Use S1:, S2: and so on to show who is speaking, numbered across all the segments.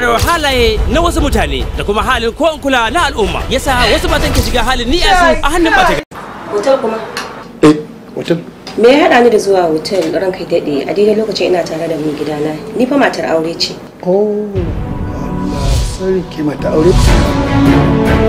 S1: damfarar halaye na wasu mutane da kuma halin ko kula na al'umma yasa wasu matan ke shiga halin ni a a hannun mata hotel kuma eh hotel me ya haɗa ni da zuwa hotel ran kai daɗe a daidai lokacin ina tare da mai gidana ni fa matar aure ce oh Allah sarki mata aure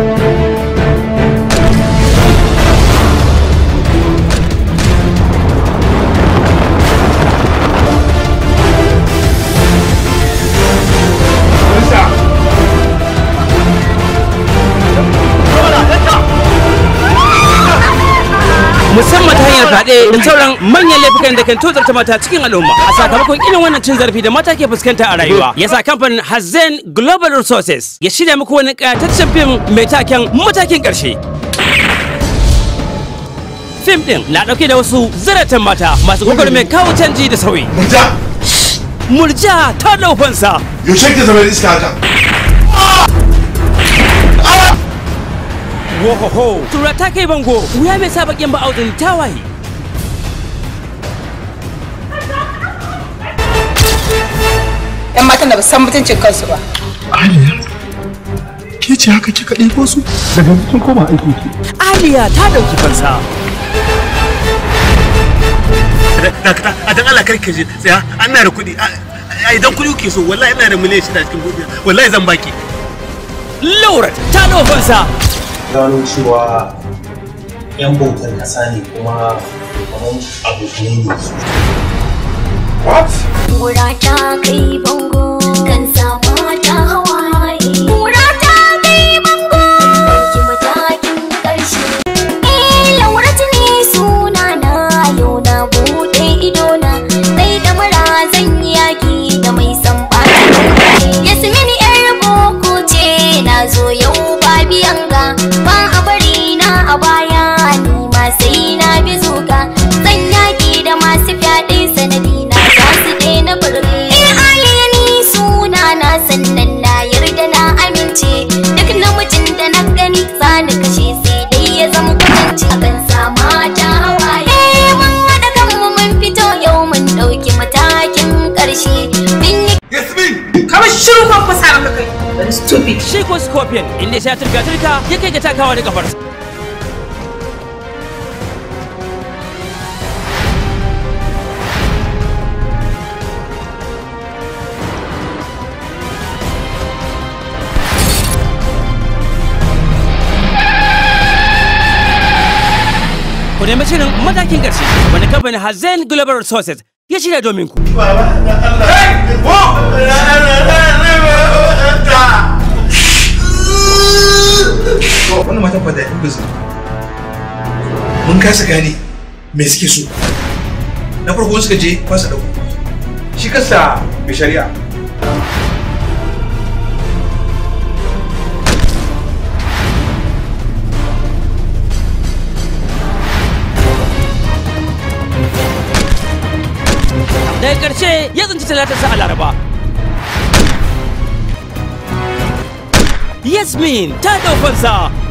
S1: Maganar fade da sauran manyan laifukan da kan tozarta mata cikin al'umma. A sakamakon irin wannan cin zarafi da mata ke fuskanta a rayuwa. Yasa kamfanin Hazen Global Resources ya shirya muku wani ƙayataccen fim mai taken matakin ƙarshe. Fim ɗin na ɗauke da wasu zaratan mata masu mai kawo canji da sauyi. Murja! Murja ta ɗaufansa. Yaushe ke zama iska haka? Wohoho! Tura ta kai bango, wuya mai sa bakin ba'audin tawaye. 'yan matan da ba san mutuncin kansu ba. Aliya, ke ce haka kika ɗebo su? Daga kin koma aiki ki. Aliya ta ɗauki fansa. Dakata, a dan Allah karki je tsaya, an na da kuɗi. Ai dan kuɗi kuke so, wallahi ina da miliyan shida cikin kuɗi. Wallahi zan baki. Laura ta ɗau fansa. Gano cewa 'yan bautar ƙasa ne kuma kamar abokanai ne
S2: su. What? Gura kai bango kan shiru
S1: ko kusa sa maka kai stupid shi ko scorpion inda ya turka turka yake ga takawa da kafarsa ku nemi shirin matakin ƙarshe wanda kamfanin Hazen Global Resources ya shirya domin ku. Baba, Allah. to wannan matan ba da yi bizu mun kasa gane me suke so na farko suka je fasa dauko shi kasa mai shari'a daga ƙarshe ya zanci talatarsa a laraba Yes, Min. turn off the sir!